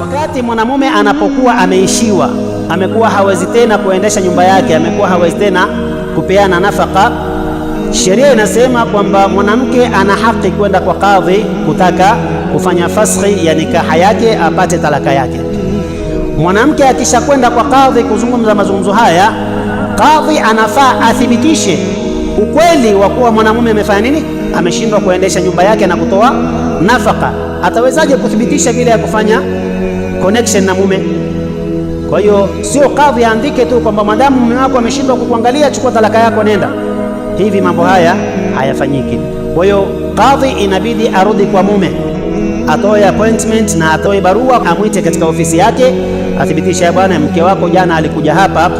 Wakati mwanamume anapokuwa ameishiwa, amekuwa hawezi tena kuendesha nyumba yake, amekuwa hawezi tena kupeana nafaka, sheria inasema kwamba mwanamke ana haki kwenda kwa kadhi kutaka kufanya faskhi ya nikaha yake, apate talaka yake. Mwanamke akishakwenda kwa kadhi kuzungumza mazungumzo haya, kadhi anafaa athibitishe ukweli wa kuwa mwanamume amefanya nini, ameshindwa kuendesha nyumba yake na kutoa nafaka. Atawezaje kuthibitisha bila ya kufanya connection na mume? Kwa hiyo sio kadhi aandike tu kwamba madamu mume wako ameshindwa kukuangalia, chukua talaka yako, nenda. Hivi mambo haya hayafanyiki. Kwa hiyo kadhi inabidi arudi kwa mume atoe appointment na atoe barua, amwite katika ofisi yake, athibitisha ya bwana, mke wako jana alikuja hapa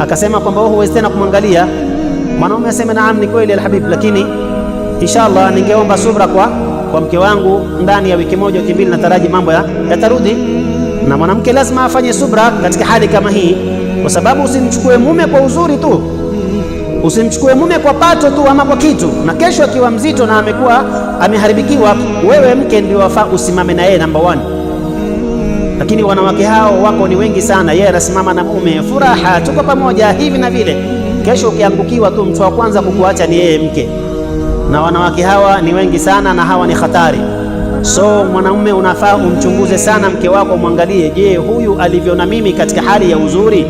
akasema kwamba wewe huwezi tena kumwangalia. Mwanaume aseme naam, ni kweli alhabib, lakini inshallah ningeomba subra kwa kwa mke wangu, ndani ya wiki moja kimbili, nataraji mambo yatarudi. Na mwanamke lazima afanye subra katika hali kama hii, kwa sababu usimchukue mume kwa uzuri tu Usimchukue mume kwa pato tu ama kwa kitu, na kesho akiwa mzito na amekuwa ameharibikiwa, wewe mke ndio wafaa usimame na yeye namba one. Lakini wanawake hao wako ni wengi sana, yeye anasimama na mume, furaha, tuko pamoja, hivi na vile. Kesho ukiangukiwa tu, mtu wa kwanza kukuacha ni yeye mke, na wanawake hawa ni wengi sana, na hawa ni hatari. So mwanaume unafaa umchunguze sana mke wako, mwangalie, je, huyu alivyo na mimi katika hali ya uzuri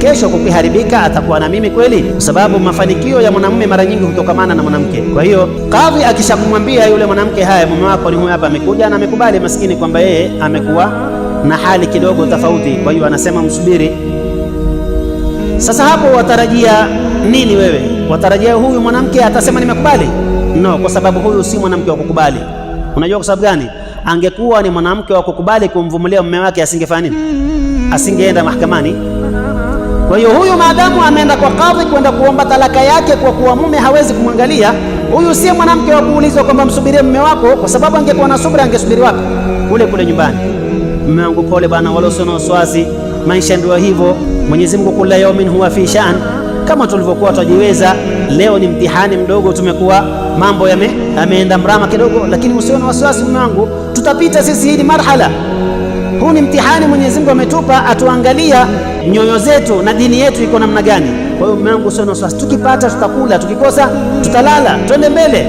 kesho kukiharibika, atakuwa na mimi kweli? Kwa sababu mafanikio ya mwanamume mara nyingi hutokamana na mwanamke. Kwa hiyo kadhi akishakumwambia yule mwanamke, haya mume wako ni huyu hapa, amekuja na amekubali maskini kwamba yeye amekuwa na hali kidogo tofauti, kwa hiyo anasema msubiri. Sasa hapo watarajia nini wewe? Watarajia huyu mwanamke atasema nimekubali? No, kwa sababu huyu si mwanamke wa kukubali. Unajua kwa sababu gani? Angekuwa ni mwanamke wa kukubali kumvumilia mume wake, asingefanya nini? Asingeenda mahakamani. Kwa hiyo huyu maadamu ameenda kwa kadhi kwenda kuomba talaka yake, kwa kuwa mume hawezi kumwangalia huyu, si mwanamke wa kuulizwa kwamba msubirie mume wako, kwa sababu angekuwa na subira angesubiri wapi? Kule kule nyumbani. Mume wangu pole bana, wala usio na wasiwasi, maisha ndio hivyo. Mwenyezi Mungu kula yaumin huwa fi shan, kama tulivyokuwa twajiweza. Leo ni mtihani mdogo, tumekuwa mambo yameenda mrama kidogo, lakini usio na wasiwasi mume wangu, tutapita sisi hili marhala huu ni mtihani Mwenyezi Mungu ametupa atuangalia nyoyo zetu na dini yetu iko namna gani. Kwa hiyo mwanangu, sio na wasiwasi, tukipata tutakula, tukikosa tutalala, twende mbele.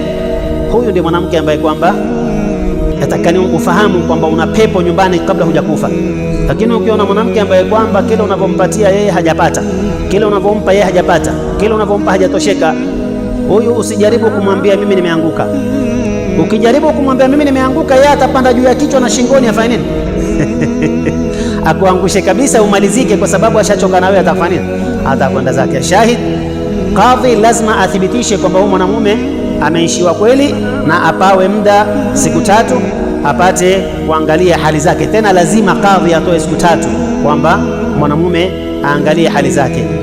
Huyu ndiye mwanamke ambaye kwamba atakani ufahamu kwamba una pepo nyumbani kabla hujakufa. Lakini ukiona mwanamke ambaye kwamba kile unavyompatia yeye hajapata, kile unavyompa yeye hajapata, kile unavyompa hajatosheka, huyu usijaribu kumwambia mimi nimeanguka Ukijaribu kumwambia mimi nimeanguka, yeye atapanda juu ya kichwa na shingoni afanye nini? Akuangushe kabisa umalizike, kwa sababu ashachoka na wewe, atafanya nini? Atakwenda zake. Shahid kadhi lazima athibitishe kwamba huyu mwanamume ameishiwa kweli, na apawe muda siku tatu apate kuangalia hali zake. Tena lazima kadhi atoe siku tatu kwamba mwanamume aangalie hali zake.